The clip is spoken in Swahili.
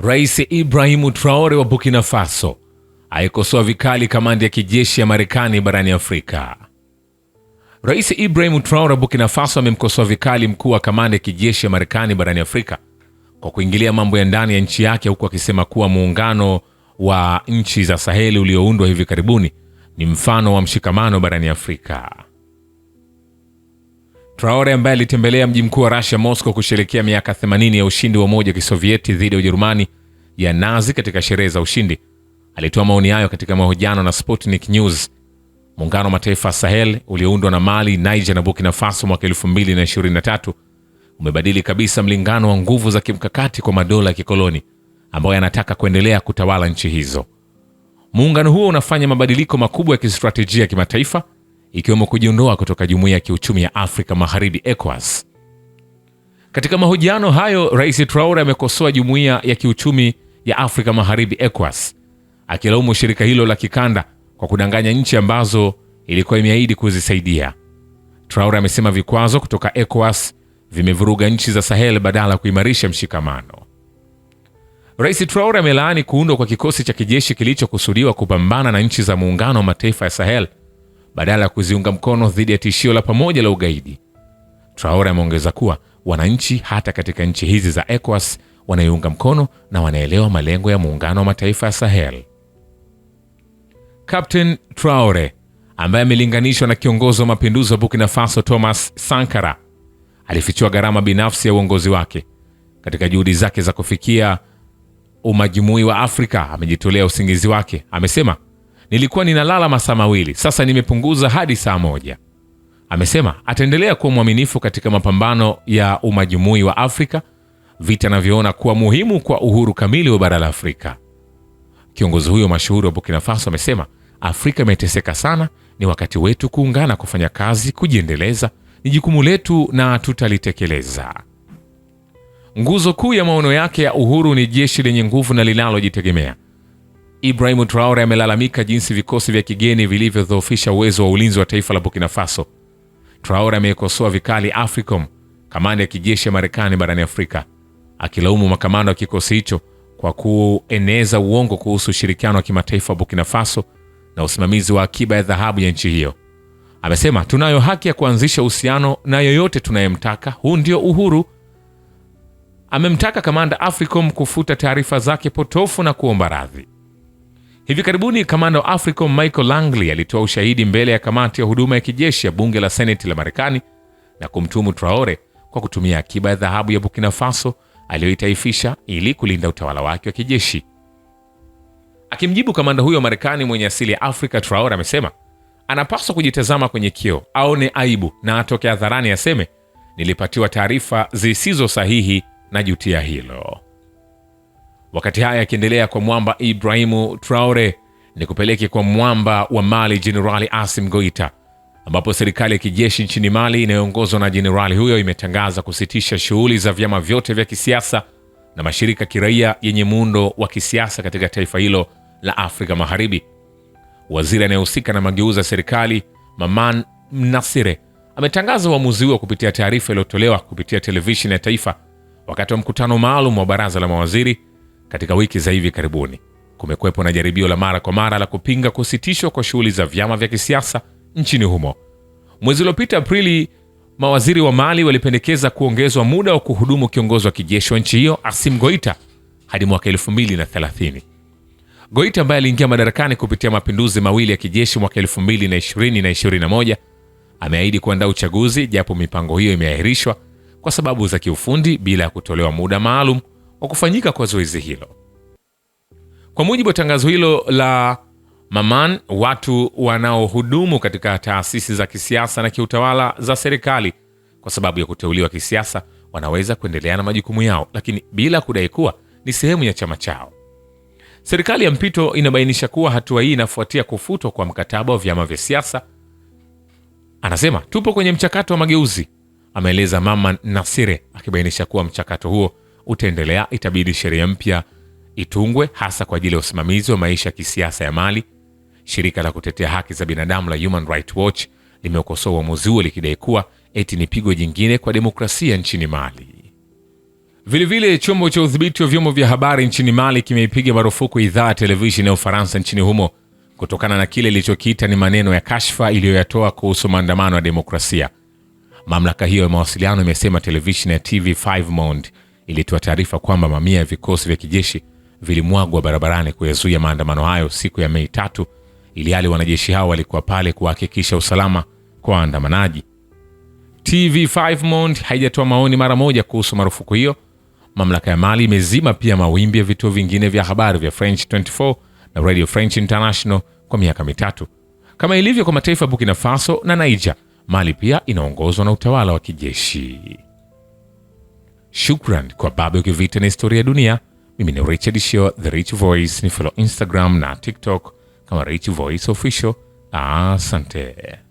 Rais Ibrahimu Traore wa Burkina Faso aikosoa vikali kamandi ya kijeshi ya Marekani barani Afrika. Rais Ibrahimu Traore wa Burkina Faso amemkosoa vikali mkuu wa kamandi ya kijeshi ya Marekani barani Afrika kwa kuingilia mambo ya ndani ya nchi yake, huku akisema kuwa muungano wa nchi za Saheli ulioundwa hivi karibuni ni mfano wa mshikamano barani Afrika. Traore ambaye alitembelea mji mkuu wa Russia Moscow kusherekea miaka 80 ya ushindi wa Umoja wa Kisovieti dhidi ya Ujerumani ya Nazi katika sherehe za ushindi, alitoa maoni hayo katika mahojiano na Sputnik News. Muungano wa mataifa Sahel ulioundwa na Mali, Niger na Burkina Faso mwaka 2023 umebadili kabisa mlingano wa nguvu za kimkakati kwa madola ya kikoloni ambayo yanataka kuendelea kutawala nchi hizo. Muungano huo unafanya mabadiliko makubwa ya kistratejia kimataifa ikiwemo kujiondoa kutoka jumuiya ya kiuchumi ya Afrika Magharibi ECOWAS. Katika mahojiano hayo, Rais Traore amekosoa jumuiya ya kiuchumi ya Afrika Magharibi ECOWAS, akilaumu shirika hilo la kikanda kwa kudanganya nchi ambazo ilikuwa imeahidi kuzisaidia. Traore amesema vikwazo kutoka ECOWAS vimevuruga nchi za Sahel badala ya kuimarisha mshikamano. Rais Traore amelaani kuundwa kwa kikosi cha kijeshi kilichokusudiwa kupambana na nchi za muungano wa mataifa ya Sahel badala ya kuziunga mkono dhidi ya tishio la pamoja la ugaidi. Traore ameongeza kuwa wananchi hata katika nchi hizi za ECOWAS wanaiunga mkono na wanaelewa malengo ya muungano wa mataifa ya Sahel. Captain Traore ambaye amelinganishwa na kiongozi wa mapinduzi wa Burkina Faso Thomas Sankara alifichua gharama binafsi ya uongozi wake katika juhudi zake za kufikia umajumui wa Afrika. Amejitolea usingizi wake, amesema nilikuwa ninalala masaa mawili, sasa nimepunguza hadi saa moja. Amesema ataendelea kuwa mwaminifu katika mapambano ya umajumui wa Afrika, vita anavyoona kuwa muhimu kwa uhuru kamili wa bara la Afrika. Kiongozi huyo mashuhuri wa Burkina Faso amesema Afrika imeteseka sana, ni wakati wetu kuungana, kufanya kazi, kujiendeleza. Ni jukumu letu na tutalitekeleza. Nguzo kuu ya maono yake ya uhuru ni jeshi lenye nguvu na linalojitegemea. Ibrahim Traore amelalamika jinsi vikosi vya kigeni vilivyodhoofisha uwezo wa ulinzi wa taifa la Burkina Faso. Traore ameikosoa vikali AFRICOM, kamanda ya kijeshi ya Marekani barani Afrika, akilaumu makamanda wa kikosi hicho kwa kueneza uongo kuhusu ushirikiano wa kimataifa wa Burkina Faso na usimamizi wa akiba ya dhahabu ya nchi hiyo. Amesema, tunayo haki ya kuanzisha uhusiano na yoyote tunayemtaka, huu ndio uhuru. Amemtaka kamanda AFRICOM kufuta taarifa zake potofu na kuomba radhi. Hivi karibuni kamanda wa AFRICOM Michael Langley alitoa ushahidi mbele ya kamati ya huduma ya kijeshi ya bunge la seneti la Marekani na kumtuhumu Traore kwa kutumia akiba ya dhahabu ya Burkina Faso aliyoitaifisha ili kulinda utawala wake wa kijeshi. Akimjibu kamanda huyo wa Marekani mwenye asili ya Afrika, Traore amesema anapaswa kujitazama kwenye kioo, aone aibu na atoke hadharani aseme, nilipatiwa taarifa zisizo sahihi na jutia hilo. Wakati haya yakiendelea kwa mwamba Ibrahimu Traore, ni kupeleke kwa mwamba wa Mali Jenerali Asim Goita, ambapo serikali ya kijeshi nchini Mali inayoongozwa na jenerali huyo imetangaza kusitisha shughuli za vyama vyote vya kisiasa na mashirika kiraia yenye muundo wa kisiasa katika taifa hilo la Afrika Magharibi. Waziri anayehusika na mageuza ya serikali Maman Mnasire ametangaza uamuzi huo kupitia taarifa iliyotolewa kupitia televisheni ya taifa wakati wa mkutano maalum wa baraza la mawaziri katika wiki za hivi karibuni kumekuwepo na jaribio la mara kwa mara la kupinga kusitishwa kwa shughuli za vyama vya kisiasa nchini humo. Mwezi uliopita Aprili, mawaziri wa Mali walipendekeza kuongezwa muda wa kuhudumu kiongozi wa kijeshi wa nchi hiyo Asim Goita hadi mwaka thelathini. Goita ambaye aliingia madarakani kupitia mapinduzi mawili ya kijeshi mwaka mbili na moja ameahidi kuandaa uchaguzi, japo mipango hiyo imeahirishwa kwa sababu za kiufundi bila ya kutolewa muda maalum wa kufanyika kwa zoezi hilo. Kwa mujibu wa tangazo hilo la Maman, watu wanaohudumu katika taasisi za kisiasa na kiutawala za serikali kwa sababu ya kuteuliwa kisiasa wanaweza kuendelea na majukumu yao, lakini bila kudai kuwa ni sehemu ya chama chao. Serikali ya mpito inabainisha kuwa hatua hii inafuatia kufutwa kwa mkataba wa vyama vya siasa. Anasema tupo kwenye mchakato wa mageuzi, ameeleza mama Nasire akibainisha kuwa mchakato huo utaendelea, itabidi sheria mpya itungwe, hasa kwa ajili ya usimamizi wa maisha ya kisiasa ya Mali. Shirika la kutetea haki za binadamu la Human Rights Watch uamuzi huo likidai kuwa eti ni pigo jingine kwa demokrasia nchini Mali. Vilevile, chombo cha udhibiti wa vyombo vya habari nchini Mali kimeipiga marufuku idhaa ya televisheni ya Ufaransa nchini humo kutokana na kile ilichokiita ni maneno ya kashfa iliyoyatoa kuhusu maandamano ya demokrasia. Mamlaka hiyo ya mawasiliano imesema televisheni ya TV5 Monde ilitoa taarifa kwamba mamia ya vikosi vya kijeshi vilimwagwa barabarani kuyazuia maandamano hayo siku ya Mei tatu, ili hali wanajeshi hao walikuwa pale kuhakikisha usalama kwa waandamanaji. TV5 Monde haijatoa maoni mara moja kuhusu marufuku hiyo. Mamlaka ya Mali imezima pia mawimbi ya vituo vingine vya habari vya French 24 na Radio French International kwa miaka mitatu. Kama ilivyo kwa mataifa ya Burkina Faso na Niger, Mali pia inaongozwa na utawala wa kijeshi. Shukran kwa bado ukivita na Historia ya Dunia. Mimi ni Richard Shio, The Rich Voice. Ni follow Instagram na TikTok kama Rich Voice Official. Asante.